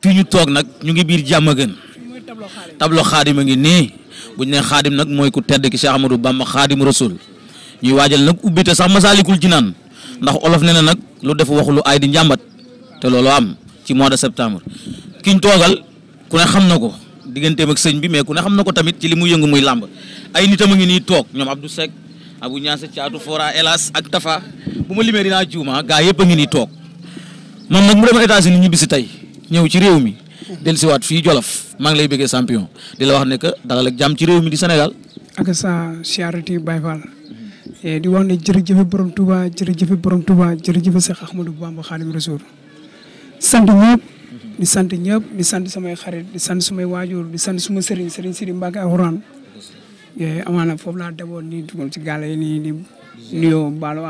fi ñu toog nag ñu ngi biir jàmm gën tablo xaadim a ngi nii buñ ñu nee nag mooy ku tedd ki Cheikh Ahmadou Bamba rasul ñuy waajal nag ubbite sax masaalikul jinaan ndax olof ne na nag lu def waxu lu ay di njàmbat te loolu am ci mois de septembre ki toogal ku ne xam na ko digganteem ak sëñ bi mais ku ne xam na ko tamit ci li muy yëngu muy làmb ay nitam a ngi nii toog ñoom Abdou Seck Abou Niasse Thiatou Fora Elas ak Tafa bu ma limee dinaa juuma gaa yëpp ngi ni toog man nag mu demoon états ñibbi si tey ñëw ci réew mi dellusiwaat fii Jolof maa ngi lay bëggee champion di la wax ne que dalal ak jàmm ci réew mi di Sénégal. ak sa charité Baye Fall eh, di wax ne jërëjëf borom tuba jër jërëjëf borom Touba jërëjëf Cheikh Ahmadou Bamba Khadim Rasoul sant ñëpp di sant ñëpp di sant samay xarit di sant sumay waajur di sant suma sëriñ sëriñ Sidi Mbacke Alxuraan eh, amaana foofu laa deboon nii ci gàlle yi nii di nuyoo baalu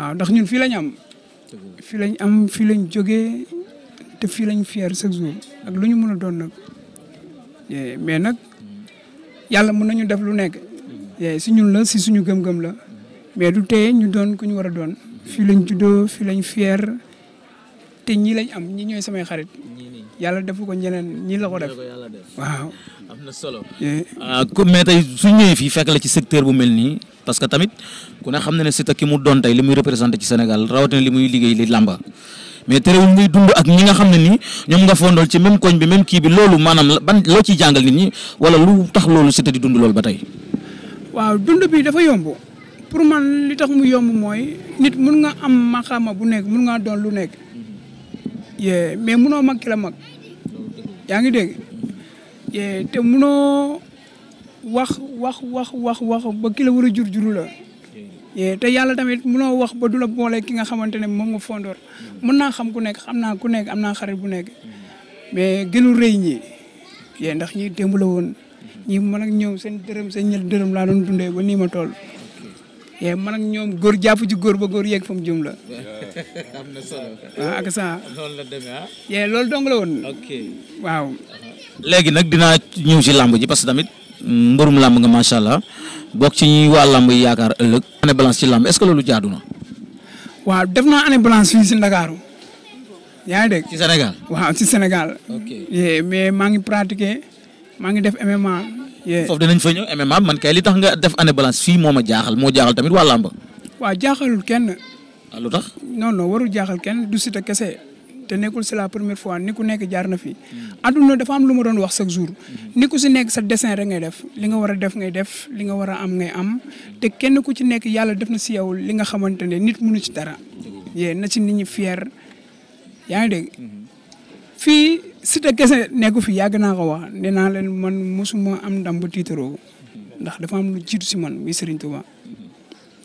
waaw ndax ñun fii lañ am. fii lañ am fii lañ jógee te fii lañ fier chaque jour ak lu ñu mën a doon nag mais nag yàlla mën nañu def lu nekk si ñun la si suñu gëm-gëm la mais du teye ñu doon ku ñu war a doon fii lañ juddoo fii lañ fier te ñii lañ am ñi ñooy samay xarit yàlla defu ko ñeneen ñii la ko def waaw am na solo comme eh, eh. ah, mais tey su ñëwee fii fekk la ci secteur bu mel nii parce que tamit ku ne xam na ne Siteu ki mu doon tey li muy représenté ci Sénégal rawatina li muy liggéey li làmba mais terewul muy dund ak ñi nga xam ne nii ñoom nga fondool ci même koñ bi même kii bi loolu maanaam ban loo ciy jàngal nit ñi lu tax loolu Siteu di dund loolu ba tey. waaw dund bi dafa yomb pour man li tax mu yomb mooy nit mun nga am maxaama bu nekk mun ngaa doon lu nekk mm-hmm. mais munoo Eh, te munoo wax wax wax wax wax ba ki la war a jur juru la eh, te yàlla tamit munoo wax ba du la boole ki nga xamante ne moom nga fondoor mën naa xam ku nekk xam naa ku nekk am na xarit bu nekk mais gënu rëy ñi yee eh, ndax ñi démb la woon ñi man ak ñoom seen dërëm seen ñett dërëm laa doon dundee ba nii ma toll yee man ak ñoom góor jàpp ci góor ba góor yeeg fa mu jëm la am na yee ah, ah? loolu dong la woon waaw léegi nag dinaa ñëw ci làmb ji parce que tamit mbërum làmb nga macha allah bokk ci ñuy waa làmb yi yaakaar ëllëg. année balance ci làmb est-ce que loolu jaadu na. waaw def naa année balance fii ci Ndakaaru yaa ngi dégg. ci Sénégal waaw si Sénégal. ok mais maa ngi pratiquer maa ngi def MMA. foofu dinañ fa ñëw MMA man kay li tax nga def année balance fii moom a jaaxal moo jaaxal tamit waa làmb. waaw jaaxalul kenn. Ah, lu non non warul jaaxal kenn du Siteu kese. te nekkul c'est la première fois ni ku nekk jaar na fi. àdduna dafa am lu ma doon wax chaque jour. ni ku si nekk sa dessin rek ngay def li nga war a def ngay def li nga war a am ngay am te kenn ku ci nekk yàlla def na si yow li nga xamante ne nit mënu ci dara. yee na ci nit ñi fier yaa ngi dégg. fii Siteu kese nekku fi yàgg naa ko wax nee naa leen man mosuma am ndam bu tiitaroo ndax dafa am lu jiitu si man muy Serigne Touba.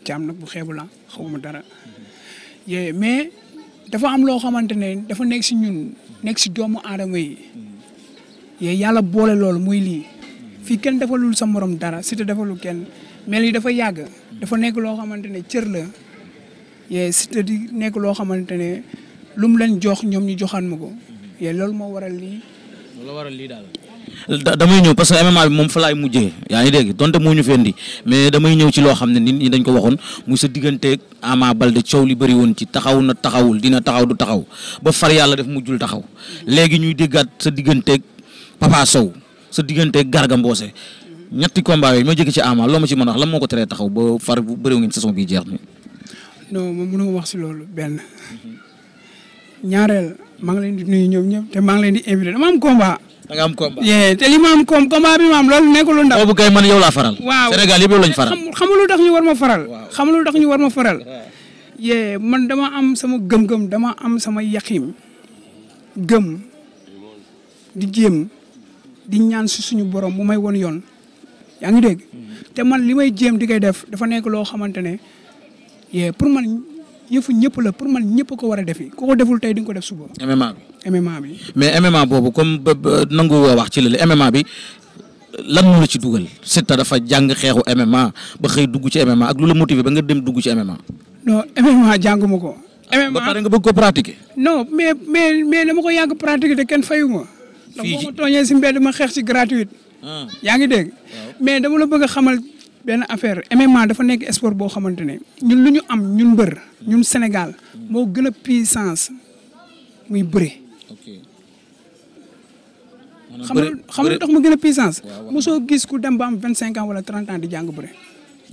caam nag bu xeebu la ma dara dafa am loo xamante ne dafa nekk si ñun nekk si doomu aadama yi yooyu yàlla boole loolu muy lii fii kenn defalul sa morom dara Siteu defalul kenn mais lii dafa yàgg dafa nekk loo xamante ne cër la yee Siteu di nekk loo xamante ne lu mu leen jox ñoom ñu joxaan ma ko yee loolu moo waral lii. loolu waral lii daal. damay ñëw parce que MMA bi moom fa laay mujjee yaa ngi dégg donte moo ñu fendi mais damay ñëw ci loo xam ne nit ñi dañ ko waxoon muy sa digganteeg Ama Baldé coow li bëri ci taxaw na taxawul dina taxaw du taxaw ba far yàlla def sa digganteeg Papa Sow sa digganteeg Garga Mbossé ñetti combat yooyu ma jëkk ci Ama ma ci mën a wax moo ko teree taxaw ba far bu bëriw ngeen saison bi jeex ni non moom mënuma wax si loolu benn ñaareel maa ngi leen di nuyu ñoom ñëpp te maa ngi leen di invité dama am combat da nga am combat. te li koom am com combat bi ma loolu nekkul lu ndaw. boobu kay man yow laa faral. waaw Sénégal yëpp yow lañ faral. xamul lu tax ñu war ma faral. xamul lu tax ñu war ma faral. yee man dama am sama gëm-gëm dama am sama yaqim gëm di jéem di ñaan si suñu borom mu may woon yoon yaa ngi dégg. Mm-hmm. te man li may jéem di kay def dafa nekk loo xamante ne yee pour man. yëfu ñëpp la pour man ñëpp ko war a defi ku ko deful tey di ko def suba. MMA bi mais MMA boobu comme ba nangu woo wax ci loolu MMA bi lan moo la ci dugal Siteu dafa jàng xeexu MMA ba xëy dugg ci MMA ak lu la motiver ba nga dem dugg ci MMA. non MMA jànguma ko. MMA ah, ba pare nga bëgg ko pratiquer. non mais mais ko yàgg pratiquer te kenn fayu ma. fii ci ndax boo ma tooñee si mbedd ma xeex ci gratuite. Ah. yaa ngi mais dama la bëgg a xamal. benn affaire MMA dafa nekk sport boo xamante ne ñun lu ñu am ñun mbër ñun Sénégal moo gën a puissance muy bëre. xam nga xam nga tax ma gën a puissance. soo gis ku dem ba am vingt cinq ans wala trente ans di jàng bëre.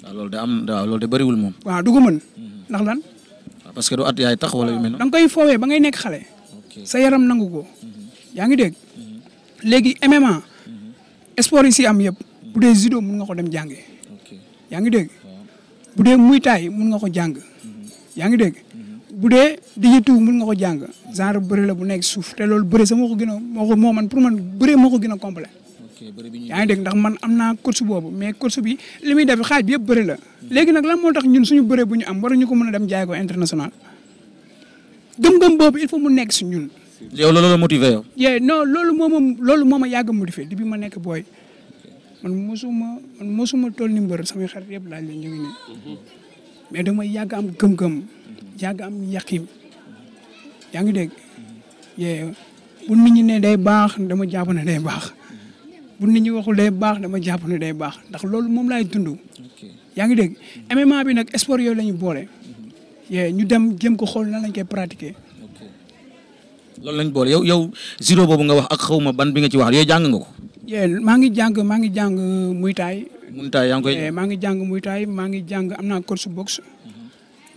waaw loolu de am loolu de bëriwul moom. waaw du ko mën. Mm-hmm. ndax lan. parce que du at yaay tax wala yu mel noonu. da nga koy foowee ba ngay nekk xale. sa yaram nangu ko. Mm-hmm. yaa ngi dégg. Mm-hmm. léegi MMA. sport yi si am yëpp. bu dee judo mun nga ko dem jàngee. yaa ngi dégg bu dee muy taay mun nga ko jàng yaa ngi dégg bu dee dijitu mun nga ko jàng genre bari la bu nekk suuf te loolu bëri sax moo ko gën a moo ko moo man pour man bëri moo ko gën a complet yaa ngi dégg ndax man am naa course boobu mais course bi li muy def xaaj bi yëpp bari la léegi nag lan moo tax ñun suñu bëri bu ñu am war ñu ko mën a dem jaay ko international gëm-gëm boobu il faut mu nekk si ñun yow loolu la motivé yow yee non loolu moo ma loolu moo ma yàgg a motivé depuis ma nekk booy man mosuma man mosuma toll ni mbër samay xarit yëpp laaj la ñu ngi mais dama yàgg am gëm-gëm yàgg am yaqin yaa ngi dégg bu nit ñi ne day baax dama jàpp ne baax bu nit ñi waxul day baax dama jàpp ne day baax ndax loolu moom laay dund. yaa ngi dégg MMA bi nag sport la ñu boole. yee ñu dem jëm ko xool nan lañ koy pratiquer. loolu lañ boole yow yow judo boobu nga wax ak xawma ban bi nga ci wax yooyu jàng nga ko. maa ngi jàng maa ngi jàng Muay Thai. Muay maa ngi jàng Muay maa ngi jàng am naa course boxe.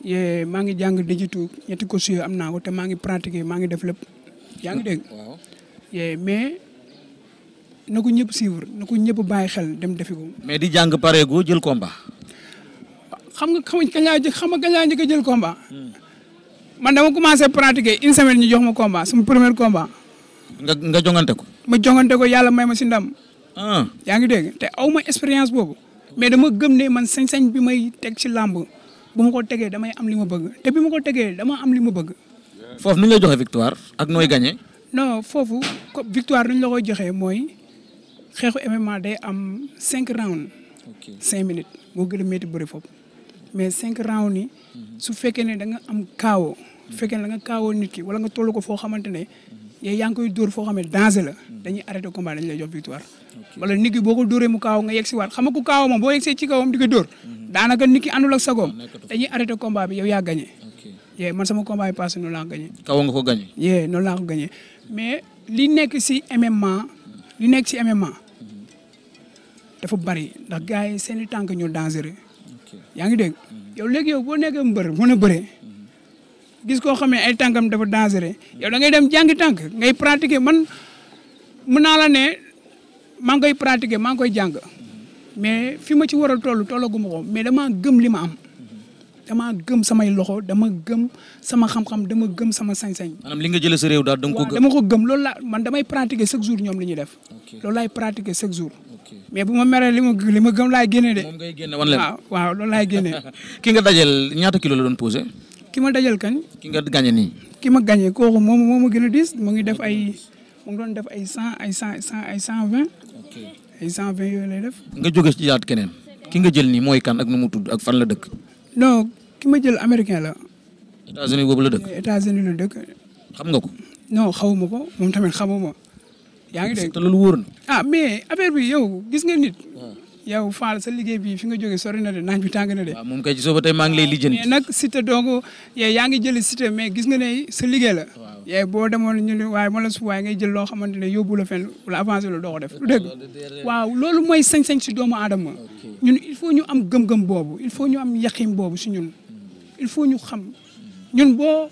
Mhm. maa ngi jàng dijitu ñetti course yooyu am naa ko te maa ngi pratiquer maa ngi def lépp. yaa ngi dégg. waaw mais na ñëpp suivre na ko ñëpp bàyyi xel dem defi ko. mais di jàng pareegu jël combat. xam nga xam nga kañ laa jëkk xam nga kañ laa njëkk jël combat. Hmm. man dama commencé pratiquer une semaine ñu jox ma combat suma premier combat. nga nga jongante ko. ma jongante ko yàlla may ma si ndam. Ah. yaa ngi dégg te awma ma expérience boobu mais dama gëm ne man sañ-sañ bi may teg ci làmb bu ma ko tegee damay am li ma bëgg te bi ma ko tegee dama am li ma bëgg. foofu nu ñu lay joxe victoire ak nooy gagné. non foofu victoire nu ñu la koy joxee mooy xeexu MMA day am cinq rounds. ok cinq minutes moo gën a métti bëri foofu mais cinq rounds ni mhm. su fekkee ne da nga am kaawoo. su fekkee ne da nga kaawoo nit ki wala nga toll ko foo xamante ne. yooyu yaa ngi foo xam ne danger la hmm. dañuy arrêté combat dañu lay jox victoire wala nit ki boo ko dóoree mu kaaw nga yegg si waat xam nga ku kaaw moom boo yegg see ci kawam di ko dóor hmm. daanaka nit ki àndul ak sagoom ah, dañuy arrêté combat bi yow yaa gagné yee man sama combat bi passé noonu laa ko gagné kaw nga ko gagné yee noonu laa ko gagné mais lii nekk si MMA li nekk si te hmm. dafa bari ndax gars yi seen i tànk ñoo dangereux yaa ngi dégg yow léegi yow boo nekkee mbër mën a bëree gis koo xamee ay tànkam dafa dangereux yow da ngay dem jàngi tànk ngay pratiquer man mën naa la ne maa ngi koy pratiquer maa ngi koy jàng mais fi ma ci war a toll tollaguma ko mais dama gëm li ma am dama gëm samay loxo dama gëm sama xam-xam dama gëm sama sañ-sañ. maanaam li sa réew daal dama ko gëm dama ko gëm loolu laa man damay pratiquer chaque jour ñoom li ñuy def. loolu laay pratiquer chaque jour. mais bu ma meree li ma li ma gëm laay génne de. moom ngay génne waaw waaw loolu laay génne. ki nga dajel ñaata kilo la doon posé. ki ma dajal kañ. ki nga gagné nii. ki ma gañee kooku moom moo ma gën a diis mu ngi def ay mu ngi doon def ay cent ay cent ay cent vingt. ay cent vingt yooyu lay def. nga jóge ci yaat keneen ki nga jël nii mooy kan ak nu mu tudd ak fan la dëkk. no ki ma jël américain la. États-Unis boobu la dëkk. États-Unis la dëkk. xam nga ko. non xawuma ko moom tamit xamuma. yaa ngi dégg te loolu wóor na. ah mais affaire bi yow gis nga nit. yow Fall sa liggéey bi fi nga jógee sori na de naaj bi tàng na de. moom kay ci soo ba tey maa ngi lay lijjanti. mais nag Siteu donc yow yaa ngi jël Siteu mais gis nga ne sa liggéey la. waaw yow boo demoon ñu ne waaye moo la su waaye ngay jël loo xamante ne yóbbu la avancé la doo ko def. lu dëgg waaw loolu mooy sañ-sañ si doomu aadama. ñun il faut ñu am gëm-gëm boobu il faut ñu am yaqin boobu si ñun. il faut ñu xam ñun boo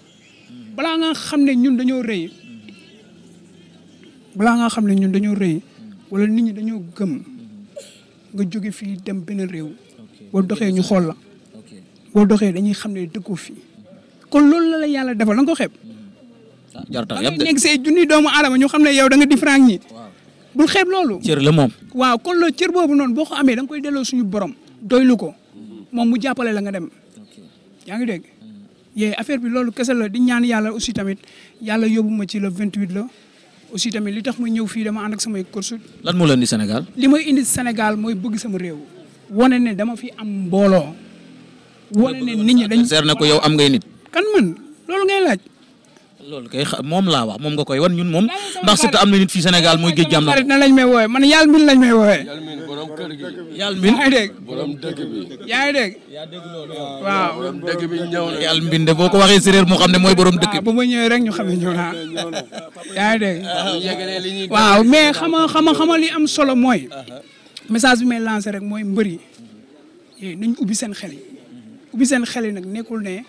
balaa nga xam ne ñun dañoo rëy balaa nga xam ne ñun dañoo rëy wala nit ñi dañoo gëm nga jóge fii dem beneen réew boo doxee ñu xool la boo doxee dañuy xam ne dëkkoo fii kon loolu la la yàlla defal na nga ko xeeb ah, da ngay nekk say junni doomu aadama ñu xam ne yow da nga différent ñi bu xeeb loolu cër la moom waaw kon loolu cër boobu noonu boo ko amee da nga koy delloo suñu borom doylu ko moom mu jàppale la nga dem yaa ngi dégg mm. yee affaire bi loolu kese la di ñaan yàlla aussi tamit yàlla yóbbu ma ci le 28 la aussi tamit li tax ma ñëw fii dama ànd ak samay course lan moo la indi Sénégal. li may indi Sénégal mooy bëgg sama réew. wane ne dama fi am mbooloo. wane ne nit ñi dañ seer na ko yow am ngay nit. kan man loolu ngay laaj. loolu kay moom laa wax moom nga koy wan ñun moom ndax Siteu am na nit fii Sénégal mooy géej gi na lañ may wooye man yàlla min lañ may wooye borom kër gi yàlla boo ko waxee séréer mu xam ne mooy borom dëkk bi bu ma ñëwee rek ñu xam ne ñëw naa yaa waaw mais xama xama xama li am solo mooy uh-huh. message bi may lancé rek mooy mbër yi yee nañ ubbi seen xel yi mm-hmm. ubbi seen xel yi nag nekkul ne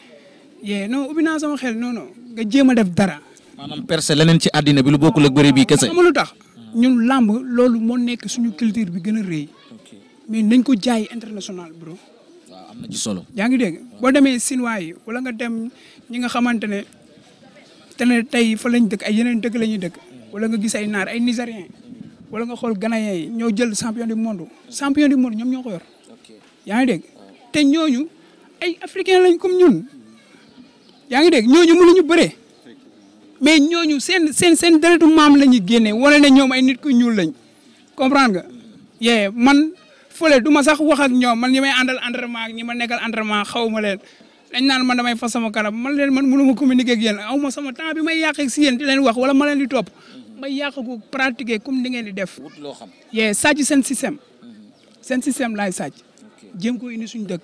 yee ubbi naa sama xel non non nga jéem a def dara. maanaam percé leneen ci àddina bi lu bokkul ak bëri bi kese. xam tax ñun làmb loolu moo nekk suñu culture bi gën a rëy. mais nañ ko jaay international bro. waaw am na ci solo. yaa ngi dégg boo demee Sinwaa yi wala nga dem ñi nga xamante ne te ne tey fa lañ dëkk ay yeneen dëkk la ñuy dëkk. wala nga gis ay naar ay nigérien wala nga xool ganayen yi ñoo jël champion du monde champion du monde ñoom ñoo ko yor. yaa ngi dégg te ñooñu ay africain lañ comme ñun. yaa ngi dégg ñooñu mënuñu bëree mais ñooñu seen seen seen deretu maam la ñuy génnee wala ne ñoom ay nit ku ñuul lañ comprendre nga yee man fële du ma sax wax ak ñoom man ñi may àndal entraînement ak ñi ma nekkal entraînement xaw ma leen dañ naan man damay fas sama kanam man leen man mënu ma communiquer ak yéen aw ma sama temps bi may yàq si yéen di leen wax wala ma leen di topp may yàq ko pratiquer comme ni ngeen di def. wut loo xam yee sàcc seen système mhm. seen système laay sàcc. jéem ko indi suñu dëkk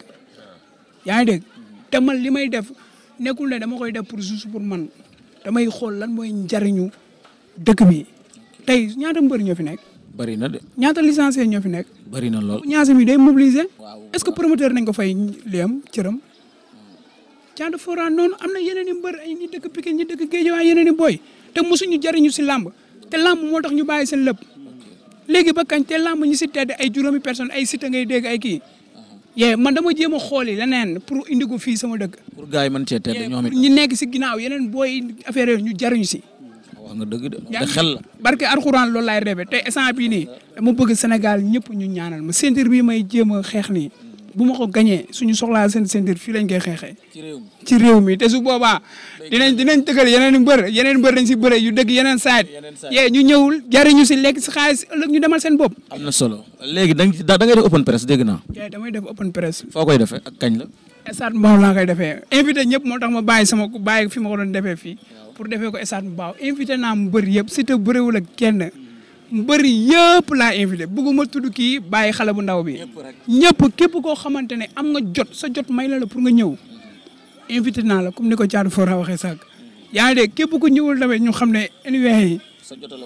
yaa ngi dégg te man li may def. nekkul ne dama koy def pour juste pour man damay xool lan mooy njariñu dëkk bi tey ñaata mbër ñoo fi nekk. bari na de. ñaata licencié ñoo fi nekk. bari na lool ñaase mi day mobiliser. est-ce que promoteur nañ ko fay liyam cëram. Caatu Fora noonu am na yeneen i mbër ay ñi dëkk Pikine ñi dëkk Guédiawaye yeneen i booy te mosuñu jariñu si làmb te làmb moo tax ñu bàyyi seen lépp léegi ba kañ te làmb ñi si tedd ay juróomi personne ay site ngay dégg ay kii. yee man dama jéem a xooli leneen pour indi ko fii sama dëkk. pour gars yi mën cee tedd ñoom it ñu nekk si ginnaaw yeneen booy affaire ñu jariñu si. wax nga dëgg xel la. barke alxuraan loolu laay rebe te instant bii nii dama bëgg Sénégal ñëpp ñu ñaanal ma centre bii may jéem a xeex nii. bu ma ko gañee suñu soxlaa seen ceinture fii lañ koy xeexee. ci réew mi ci réew mi te su boobaa. dinañ dinañ tëkkal yeneen mbër yeneen mbër dañ si bëre yu dëgg yenen saat. yee ñu ñëwul jariñu si lekk si xaalis ëllëg ñu demal seen bopp. am na solo léegi da nga da ngay def open press dégg naa. yee damay def open press. foo koy defee ak kañ la. stade Mbao laa koy defee invité ñëpp moo tax ma bàyyi sama bàyyi fi ma ko doon defee fii. pour defee ko stade Mbao invité naa mu bëri yëpp surtout bëriwul mbër yëpp laa invité bëgguma tudd kii bàyyi xale bu ndaw bi ñëpp képp koo xamante ne am nga jot sa jot may la la pour nga ñëw invité naa la comme ni ko Thiatou Fora waxee sànq yaa képp ku ñëwul tamit ñu xam ne anyway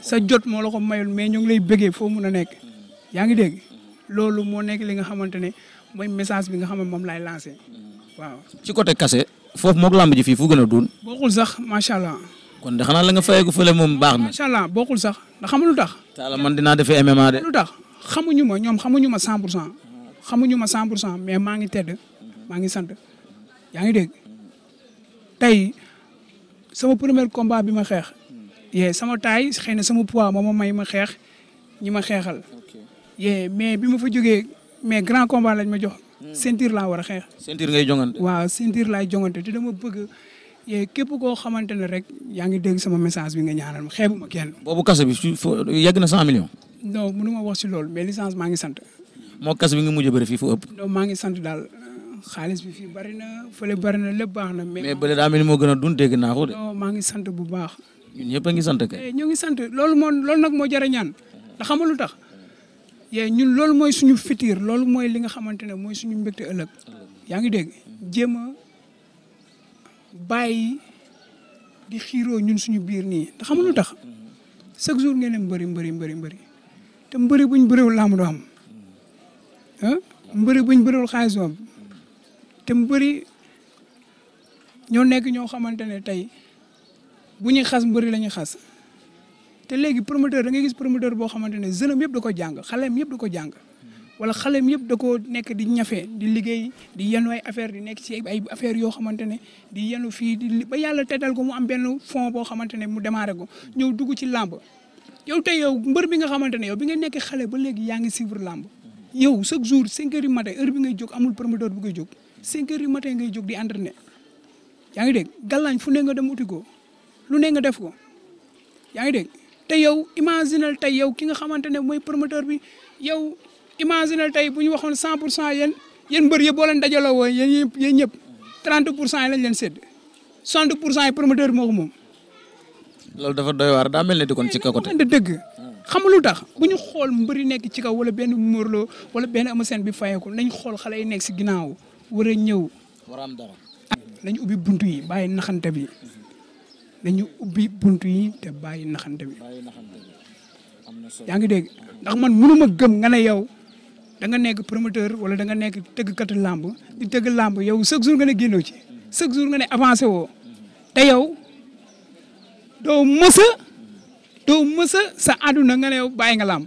sa jot moo la ko mayul mais ñu ngi lay bëggee foo mun a nekk mm-hmm. yaa ngi dégg mm-hmm. loolu moo nekk li nga xamante ne mooy message bi nga xam ne moom laay lancé mm-hmm. waaw. ci côté kase foofu moog làmb ji fii fu gën a duun. bokkul sax macha allah. kon de xanaa la nga fayeeku fële moom baax na. macha allah sax ndax xamu lu tax. taala man dinaa defee MMA de. lu tax xamuñu ma ñoom xamuñu ma 100 pour cent xamuñu ma 100 pour cent mais maa ngi tedd maa ngi sant yaa ngi dégg tey sama première combat bi ma xeex. yee sama taay xëy na sama poids moo ma may ma xeex ñi ma xeexal. yee mais bi ma fa jógee mais grand combat lañ ma jox. Hmm. ceinture laa war a xeex. ceinture ngay jongante. waaw ceinture laay jongante te dama bëgg. yee eh, képp koo xamante ne rek yaa ngi dégg sama message bi nga ñaanal ma xeebu ma kenn. boobu kas bi su yegg na cent millions. no mënu ma wax si loolu mais licence maa ngi sant. moo kaso bi nga mujj bëri fii fu ëpp. non maa ngi sant daal xaalis bi fi bëri na fële bëri na lépp baax na. mais mais bële daa mel ni moo gën a dund dégg naa de. maa ngi sant bu baax. ñun ñëpp a ngi sant ka eh, ñu ngi sant loolu moo loolu nag moo jar a ñaan ndax xam nga lu tax yee eh, ñun loolu mooy suñu fitir loolu mooy li nga xamante ne mooy suñu mbégte ëllëg yaa ngi dégg jéem a bàyyi di xiiroo ñun suñu biir nii ndax xam tax chaque jour ngeen ne mbëri mbari mbari mbëri te mbëri buñ bëriwul laamu doo am ah mbëri buñ bëriwul xaalis am te mbëri ñoo nekk ñoo xamante ne tey bu ñuy xas mbëri la ñuy xas te léegi promoteur da ngay gis promoteur boo xamante ne jeune am yëpp da ko jàng xaleem yëpp da ko jàng wala xaleem yëpp da koo nekk di ñafe di liggéey di yenu ay affaire di nekk ci ay affaire yoo xamante ne di yenu fii di ba yàlla tetal ko mu am benn fond boo xamante ne mu démarré ko ñëw dugg ci làmb yow tey yow mbër bi nga xamante ne yow bi nga nekk xale ba léegi yaa ngi suivre làmb yow chaque jour cinq heures du matin heure bi ngay jóg amul promoteur bu koy jóg cinq heures du matin ngay jóg di entraîné yaa ngi dégg gàllaañ fu ne nga dem uti ko lu ne nga def ko yaa ngi dégg te yow imaginal tey yow ki nga xamante ne mooy promoteur bi yow imaginez tey bu ñu waxoon cent pour cent yéen yéen mbër yëpp boo leen dajaloo woon yéen yéen ñëpp trente pour cent yi lañ leen sédd soixante pour cent yi promoteur bi moo ko moom. loolu dafa doy waar daa mel ne di kon ci kaw côté. dëgg xam lu tax bu ñu xool mbëri nekk ci kaw wala benn Morlo wala benn Eumeu Sène bi fayeeku nañ xool xale yi nekk si ginnaaw war ñëw. war a am dara. nañu ubbi buntu yi bàyyi naxante bi nañu ubbi buntu yi te bàyyi naxante bi. bàyyi naxante na solo yaa ngi dégg ndax man mënu ma gëm nga ne yow. da nga nekk promoteur wala da nga nekk tëggkatu làmb di tëgg làmb yow chaque jour nga ne génnoo ci chaque jour nga ne avancé woo te yow doo mësa doo mësa sa àdduna nga ne yow bàyyi nga làmb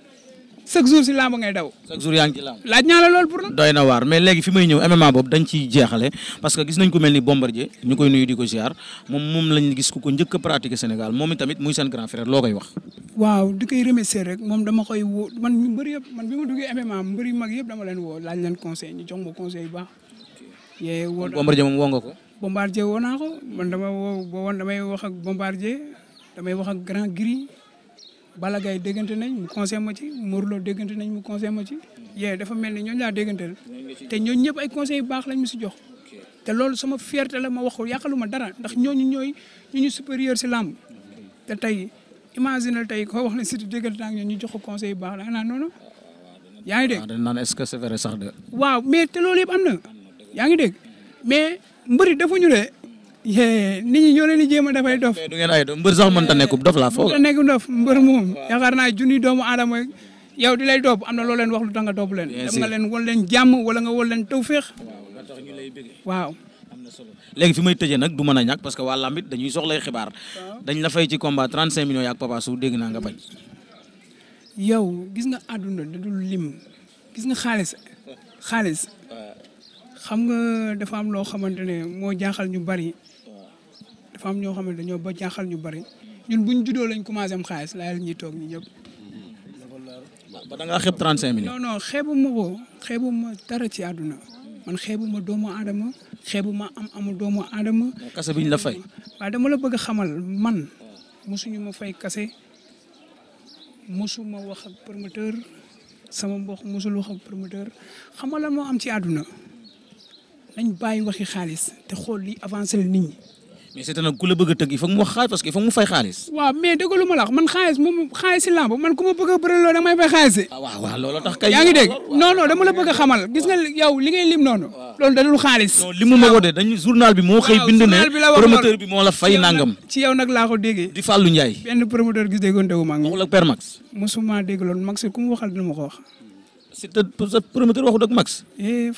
chaque jour si lamb ngay daw. chaque jour yaa ngi ci lamb. laaj ñaa la loolu pour la. doy na waar mais léegi fi may ñëw MMA boobu dañ ciy jeexale parce que gis nañ ko mel ni Bombardier ñu koy nuyu di ko ziar moom muy seen grand frère loo koy wax. waaw di koy remercier rek moom dama koy woo man ñu yëpp man bi ma duggee MMA mbëri mag yëpp dama leen woo laaj leen conseil ñu jox ma conseil yu yee woo Bombardier moom woo ko. Bombardier woo naa man dama woo boo damay wax ak Balla Gaye déggante nañ mu conseil ma ci Modou Lo déggante nañ mu conseil ma ci yee dafa mel ni ñooñu laa dégganteel te ñooñu ñëpp ay conseils yu baax lañ mu si jox te loolu sama fierté la ma wax ko ma dara ndax ñooñu ñooy ñu si làmb te tey imaginer tey ko wax na si déggante naa ñooñu ñu jox ko conseil yu baax la nga naan noonu yaa ngi dégg. Ah, dañ naan est-ce que c'est vrai sax de. waaw mais te loolu yëpp am na yaa ngi dégg mais mbëri dafa de nit ñi ñoo leen di a dafay dof. du ngeen ay dof mbër sax mënta nekkub dof laa foog. mënta nekk dof mbër moom yaakaar junni doomu aadama yow di lay topp am na loo leen wax lu tax nga topp leen. dem nga leen wol leen jàmm wala nga wol leen tawféex. waaw. léegi fi may tëjee nag du mën a ñàkk parce que waa lambit dañuy soxlay xibaar dañ la fay ci combat 35 millions yaak Papa Sow dégg naa nga bañ. yow gis nga àdduna da dul lim gis nga xaalis xaalis xam nga dafa am loo xamante ne moo jaaxal ñu bari dafa am ñoo xamante ñoo ba jaaxal ñu bari ñun buñ juddoo lañ commencé am xaalis laay ñuy toog ñu ñëpp. ba da xeebu ma ko xeebu ma dara ci àdduna man xeebu ma doomu aadama xeebu ma am amul doomu aadama. kase biñ la fay. waaw dama la bëgg a xamal man mosuñu ma fay kase mosu ma wax ak promoteur sama mbokk musul wax ak promoteur xamal la moo am ci àdduna. dañ bàyyi waxi xaalis te xool li avancé la nit ñi. mais c'est nag ku la bëgg a tëgg il faut mu wax xaalis parce que il faut mu fay xaalis. waaw mais dëgg lu ma la xaalis moom xaalis si a bëri ah, a journal bi moo xëy bind ne. promoteur bi moo la fay nangam. ci yow nag laa déggee. di Fallou Ndiaye. benn promoteur gis déggoon teewu ma. waxul ak Père Max. mosuma dégg loolu Max ku waxal dina ma ko wax. promoteur waxul ak Max. eh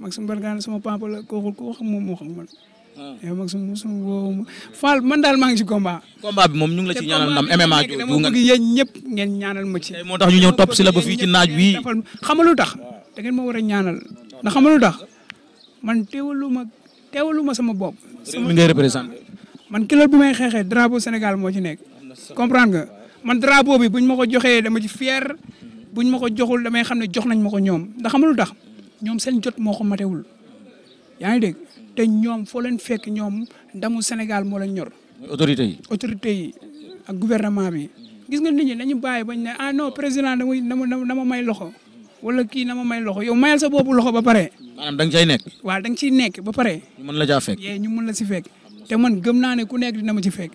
Maxime Bargane sama papa la kooku ko xam moom moo xam man. Hmm. yow Maxime mosuma woo ma Fall man daal maa ngi si combat. combat bi moom ñu ngi la ci ñaanal ndam MMA jooju. dama bëgg yéen ñëpp ñaanal ma ci. moo tax ñu ñëw topp si la ba fii ci naaj wi. xamal lu tax da ngeen ma war a ñaanal ndax xamal lu tax man teewaluma teewaluma sama bopp. sama mi ngay représenté. man kilal bu may xeexee drapeau Sénégal moo ci nekk comprendre nga man drapeau bi buñ ma ko joxee dama ci fier buñ ma ko joxul damay xam ne jox nañ ma ko ñoom ndax xam lu tax ñoom seen jot moo ko matewul yaa ngi dégg te ñoom foo leen fekk ñoom ndamu Sénégal moo leen ñor. autorité yi autorité yi ak gouvernement bi. gis nga nit ñi nañu bàyyi bañ ne ah na ma dama dama may loxo wala ki na ma may loxo yow mayal sa boobu loxo ba pare. maanaam da cay nekk. waa da nga ciy nekk ba pare. ñu mën la caa fekk. ñu mën la si fekk te man gëm naa ne ku nekk na ma ci fekk.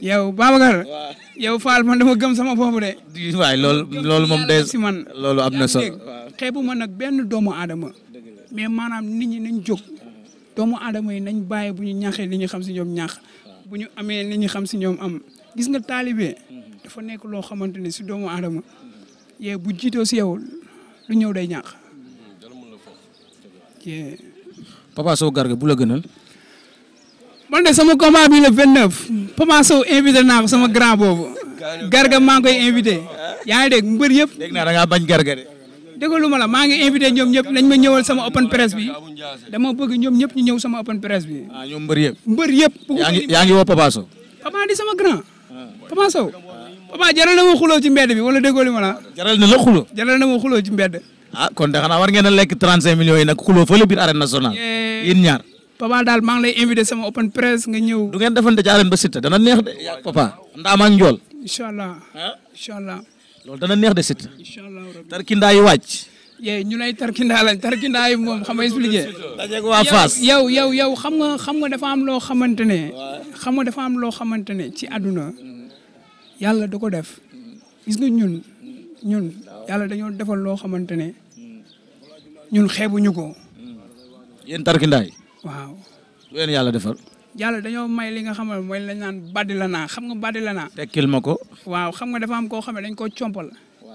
yow Babacar. yow Fall man dama gëm sama bopp de. waay loolu loolu moom de si man loolu am na solo. xeebu ma nag benn doomu aadama. mais maanaam nit ñi nañ jóg. doomu aadama yi nañ bàyyi bu ñu ñaxee li ñu xam si ñoom ñax. bu ñu amee nit ñu xam si ñoom am. gis nga taalibe. fa nekk loo xamante ni si doomu aadama. yee bu jiitoo si yow lu ñëw day ñax. Papa Sow Garga bu la gënal. man de sama combat bi le 29 Papa Sow invité naa sama grand boobu garga maa ngi koy invité ah. yaa ngi dégg mbër yëpp. dégg naa da bañ garga de. déglu ma la maa ngi invité ñoom ñëpp nañ ma ñëwal sama open press bi dama bëgg ñoom ñëpp ñu sama open press bi. ah ñoom mbër yëpp. yaa ngi yaa ngi woo Papa Sow. Papa di sama grand. Ah. Papa Sow. Papa jaral na ma xuloo ci mbedd bi wala déglu ma la. jaral na la xuloo. jaral na ma xuloo ci mbedd. ah kon de xanaa war ngeen a lekk 35 millions yi nag xuloo fële biir arène nationale. yéen ñaar. papa daal maa ngi lay invité sama open press nga ñëw. du ngeen defante ci arène ba Siteu dana neex de yaa papa ndaama allah incha allah. loolu dana neex de Siteu. incha allah tarkindaa yi wàcc. yee ñu lay tarkindaa lañ tarkindaa yi moom xam nga expliqué. dajeeg waa Fass yow yow yow xam nga xam nga dafa loo xamante ne. xam nga dafa loo xamante ne ci àdduna. yàlla da ko def. gis nga ñun ñun yàlla dañoo defal loo xamante ne ñun xeebuñu ko. yéen tarkindaa yi waaw. lu leen yàlla defal. yàlla dañoo may li nga xam mooy lañ naan baddi la naa xam nga baddi la naa. tekkil ma ko. waaw xam nga dafa am koo xam ne dañ koo compal.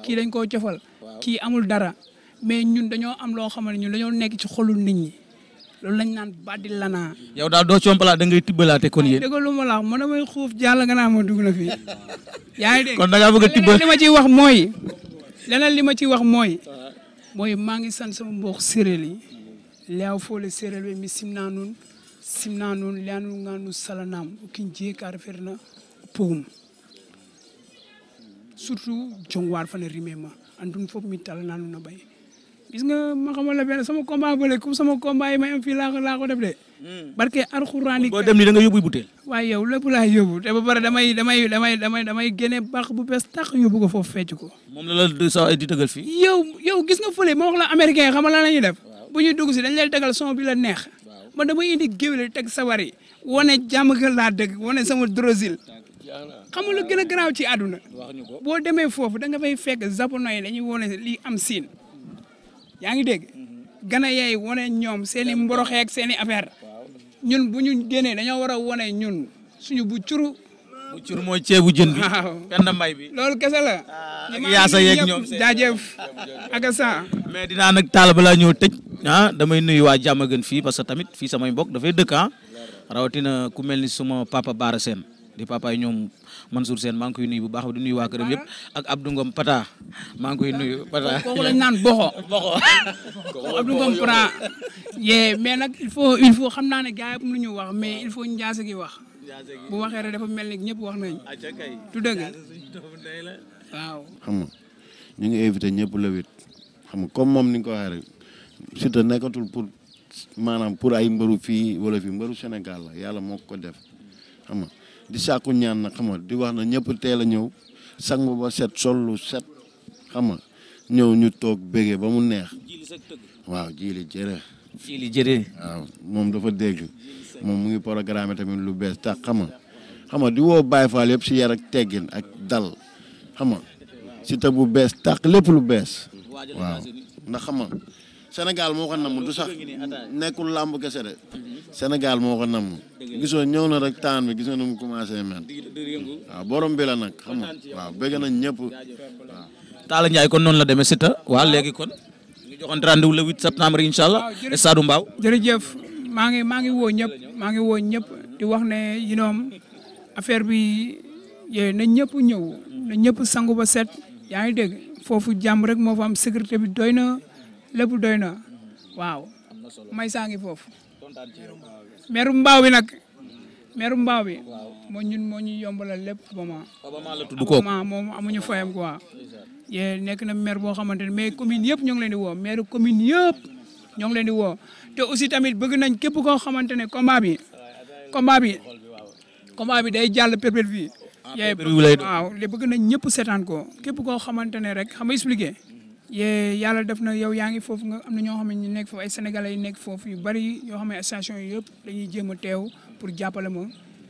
kii dañ koo cofal. kii amul dara. mais ñun dañoo am loo xam ne ñun dañoo nekk ci xolu nit ñi. loolu lañ naan baddi la naa. yow daal doo compalaat da ngay tibbalaate kon yéen. dëgg lu ma la wax man damay xuuf jàll nga naa ma dugg na fii. yaa ngi dégg kon da ngaa bëgg a ma ciy wax mooy. leneen li ma ciy wax mooy. mooy maa ngi sant sama mbokk séeréer yi leyaw fole sereer ɓe mi simna nuun simna nuun leyanuga nu salanam o kin jeeg a refeerna pogum surtout jongwaar fane rime ma andun fof mi talana nuun a ɓay gis nga ma xamal la benn sama combat bële comme sama combat yi may fi fii laa ko laa ko def de hmm. barke alxuraan ni da nga yóbbu butéel waaye yow lépp laa yóbbu te ba pare damay damay damay damay damay génne baax bu bees tax yóbbu ko foofu fecc ko moom la la sa yow yow gis nga fële la américain xamal la nañu def bu ñuy dugg si dañ lay dagal son bi la neex man dama indi géwél teg sawar yi wane jàmm ga laa dëgg wone sama drosil xam nga lu gën garaaw ci àdduna boo demee foofu da nga fay fekk japonais yi dañuy wane lii am siin yaa ngi dégg mhm. gana yeey wane ñoom seen i mboroxeeg seen i affaire ñun bu ñu génnee dañoo war a wane ñun suñu bu curu bu cur mooy ceebu jën bi. waaw kenn mbay bi. loolu kese la. Ah, ak yaasa yeeg ñoom jaajëf ak sa mais dinaa taal balaa ñëw tëj. ah damay nuyu waa jàmm gën fii parce que tamit fii samay mbokk dafay dëkk ah ku mel ni suma papa Baara Sène di papa ñoom Mansour Sène maa ngi koy nuyu bu baax di nuyu waa këram yëpp ak Abdou Ngom Pata maa ngi koy nuyu Pata. naan boxo boxo Abdou yee mais nag il faut il faut xam naa ne gars yi am lu ñu wax mais il faut njaase gi wax bu waxee rek dafa mel ni ñëpp wax nañu tu dëgg waaw xam nga ñu ngi invité ñëpp la wit xam nga comme moom ni nga ko waxee rek surtout nekkatul pour maanaam pour ay mbëru fii wala fii mbëru Sénégal la yàlla moo ko def xam di sàkku ñaan na xam nga di wax na ñëpp teel a ñëw sangu ba set sollu set xam ñëw ñu toog bége ba mu neex waaw jiili jërë jiili jërë waaw moom dafa dégg moom mu ngi programme tamit lu bees tax xam nga di woo Baye Fall yëpp si yar ak teggin ak dal xama nga si te bu bees tax lépp lu bees waaw ndax Sénégal moo ko namm du sax nekkul làmb kese de mhm. Sénégal moo ko namm gisoo ñëw na rek taan bi gisoo na mu commencé mel waaw borom bi la nag xam nga waaw bëgg nañ ñëpp waaw. Talla Ndiaye kon noonu la demee Siteu waa léegi kon ñu joxoon rendez-vous le septembre incha allah stade Mbao. jërëjëf maa ngi maa ngi woo ñëpp maa ngi woo ñëpp di wax ne yi noom affaire bi na ñëpp ñëw na ñëpp sangu ba set yaa ngi dégg foofu jàmm rek moo fa am sécurité bi doy na. lépp doy na waaw may saa ngi foofu meru mbaaw bi nag meru mbaaw bi moo ñun moo ñu yombalal lépp Obama Obama moom amuñu fayam quoi yee nekk na maire boo xamante ne mais commune yëpp ñoo ngi leen di woo maire commune yëpp ñoo ngi leen di woo te aussi tamit bëgg nañ képp koo xamante ne combat bi combat bi combat bi day jàll perpétuité fii yee waaw bëgg nañ ñëpp seetaan ko képp koo xamante ne rek xam nga expliqué yee yàlla def na yow yaa ngi foofu nga am na ñoo xam ne nekk foofu ay sénégalais yi nekk foofu yu bari yoo xam ne yëpp dañuy jéem a teew pour jàppale ma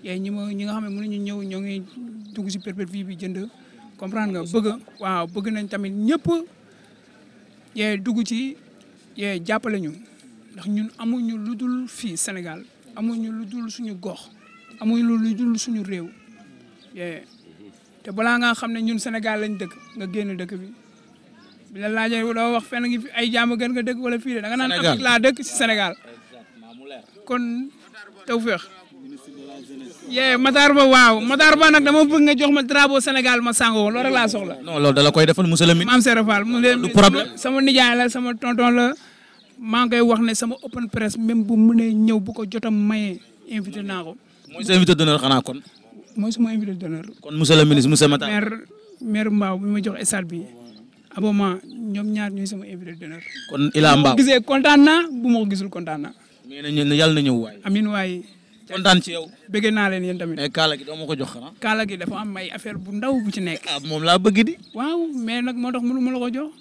ñi ma ñi nga xam ne mënuñu ñëw ñoo ngi dugg si perpétuité bi jënd comprendre nga waaw bëgg nañ tamit ñëpp dugg ci yee ndax ñun amuñu lu dul fii Sénégal amuñu lu dul suñu gox amuñu lu dul suñu réew te balaa nga xam ne ñun Sénégal lañ dëkk nga génn dëkk bi bi la laajee doo wax fenn ngi fi ay jàmm gën nga dëkk wala fii de da nga naan Afrique laa dëkk si Sénégal kon tawféex yee Matar Ba waaw Matar Ba nag dama bëgg nga jox ma drapeau Sénégal ma sàngoo loolu rek laa soxla. non loolu dala koy defal monsieur le ministre. maam Serap Fall mu leen sama nijaay la sama tonton la maa ngi koy wax ne sama open press même bu mu nee ñëw bu ko jotam maye invité naa ko. mooy sa invité d'honneur xanaa kon. mooy sama invité d'honneur. kon monsieur le ministre monsieur Matar. maire maire Mbaaw bi ma jox stade bi. aboma ñoom ñaar ñooy sama invité d'honneur. kon Ila Mbaw bu gisee kontaan naa bu ma ko gisul kontaan naa. mais na yàlla na ñëw waay. amiin waay. kontaan ci yow. bëgg na leen yéen tamit. mais kaala gi doo ma ko jox xanaa. kaala gi dafa am ay affaire bu ndaw bu ci nekk. Ah, moom laa bëgg di. waaw mais nag moo tax mënu ma la ko jox.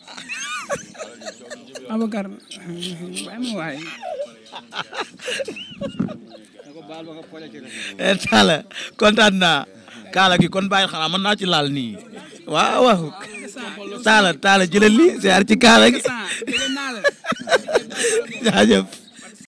Abakar waaye ma eh, kaala gi kon bàyyi xanaa mën naa ci laal nii waaw waaw taala taala jëlal lii ziar ci kaala gi